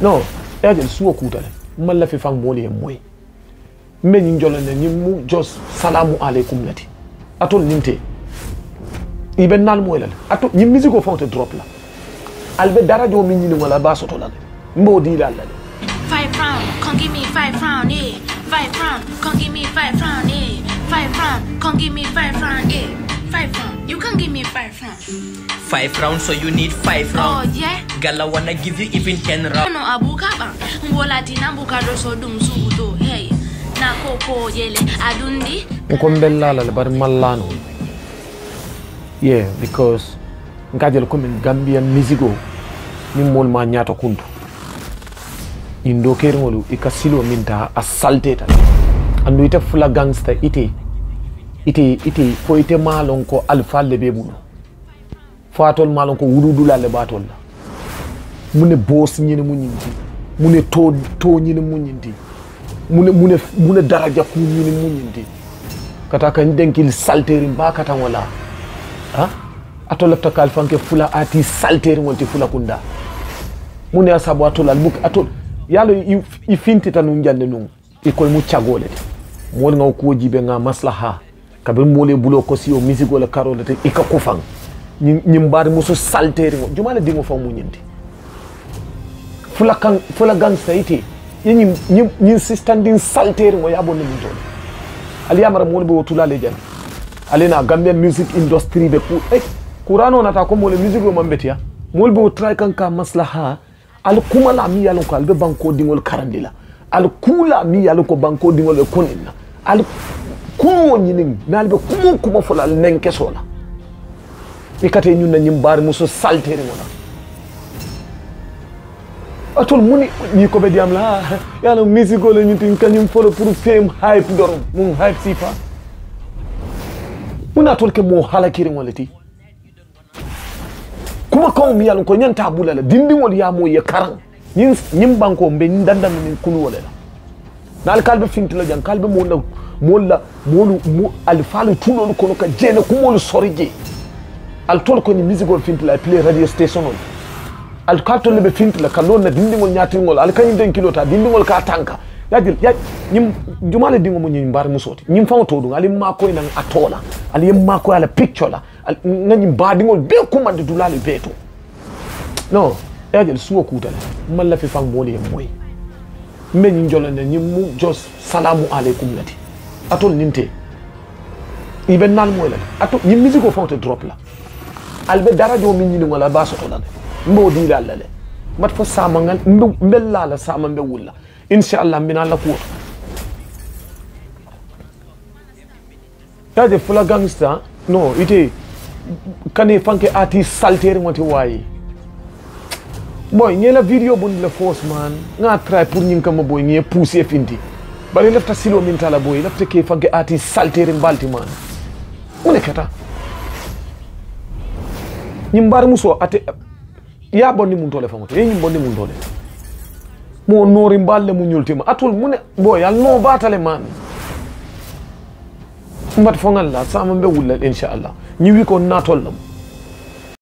non ɛyɛ suwɔ k'u dɛ n ma lɛfi fan mɔɔ de ye mɔɔ ye n bɛ nin jɔ la dɛ ni mu jɔ salamu aleikum ladi a to nin tɛ i bɛ naani mɔɔ yɛlɛ a to ni misi ko fɛnw tɛ drop la ale bɛ dara min ɲininka la a b'a sɔtɔ la dɛ n b'o di la a la dɛ. five round come give me five round eh five round come give me five round eh five round come give me five round eh five round you can give me five round. five round so you need five round. oh yeah. Girl, I wanna give you even ten rounds. No abuka ba, mbola tinambuka doso dum subuto. Hey, na koko yele adundi. Nkombela la bar malano. Yeah, because nkajel ko min Gambian music o min mol ma nyaato kuntu. in do kerngolu i ka min ta a salteta andu ite fula gangsta ite ite ite fo ite malon ko alfalle be muɗum fo atol maalon ko wuludulale ɓatol la mune boss boos ñi ne mu ñindi mu to too too ñi ne mu ñindi mune ne mu ne mu ne daraja ku ñi ne mu ñindi kata kan denkil salteri mba kata wala ha ato lefta kal fanke fula ati salteri wonti fula kunda mune asabu ato lal buk ato yalo i fintita nun jande nun i koy mu cagole te mool nga ko jibe nga maslaha kabe moole bulo ko o misigo la karole te i ka kufang ñim baade muso salteri jumale dingo fa mu ñindi fulakan fulagan sayti yeñin ñin sistandin saltere mo yaɓonde mum toon aliyamara mo woni ɓe wo tulale jan alena gambian music industrie ɓe ku e kurano nata comme wole musique o mamɓetiya mowol ɓe wo tray kanka maslaha al kumala mi yalon ko alɓe bankodiŋol karandi la al kula mi yalon ko bankodiŋol ɓe koninna al kunuwo ñinin mais alɓe kumo kuma fola al nenkesola i kate ñunna ñim mbaari muso saltere ngona atol muni ñi comédien la yana musico le ñintin kañum folo pour fame hype dor mum hype sifa muna atol ke mo halakiri ngolati kuma kawo mi yalon ko ñanta bula la dindin wol ya mo ye karan ñin ñin banko mbe ñin min kunu wala la na alkalbe fintila jan kalbe mo la mo la mo mo alfalu tunol kono ka jene kumol sorije al tol ko ni musico fintila play radio station alkatolle lebe fintila kala on na dindi dindigol ñatirgol ala kañum den kilo ta dindigol ka tanka yajil yaj ñim jumale dingo mo ñim mbar musoti ñim fawo to ali ma ko ina atola ali ala yem makoye ala picture la na nañim dingo be kumande dulali be to non yajil suwo kuutale mallafi fan mooli yen moyi mbeñin jolande ñim mu jo salamu aleykum lati atol ninte iɓe nalmoy la ato ñim musique o fawte drop la albe alɓe daradio min ñinigol alba to la mbodi la la bat fo sama ngal mbella la sama mbe wulla inshallah mbina la ko tade fula gangsta no ite kane fanke ati salter moti wayi boy ñe la video bun la force man nga try pour ñing kama boy ñe pousser finti bari lefta silo min tala boy lefta ke fanke ati salter balti man mu e kata ñim bar muso ate iya bonni mum tole famoto yeñum bonni mum tole mo noori mballe mu ñoltima atul ne bo yal no batale mami mbat fongal la sama be wullal inchallah ñiwi ko natol lam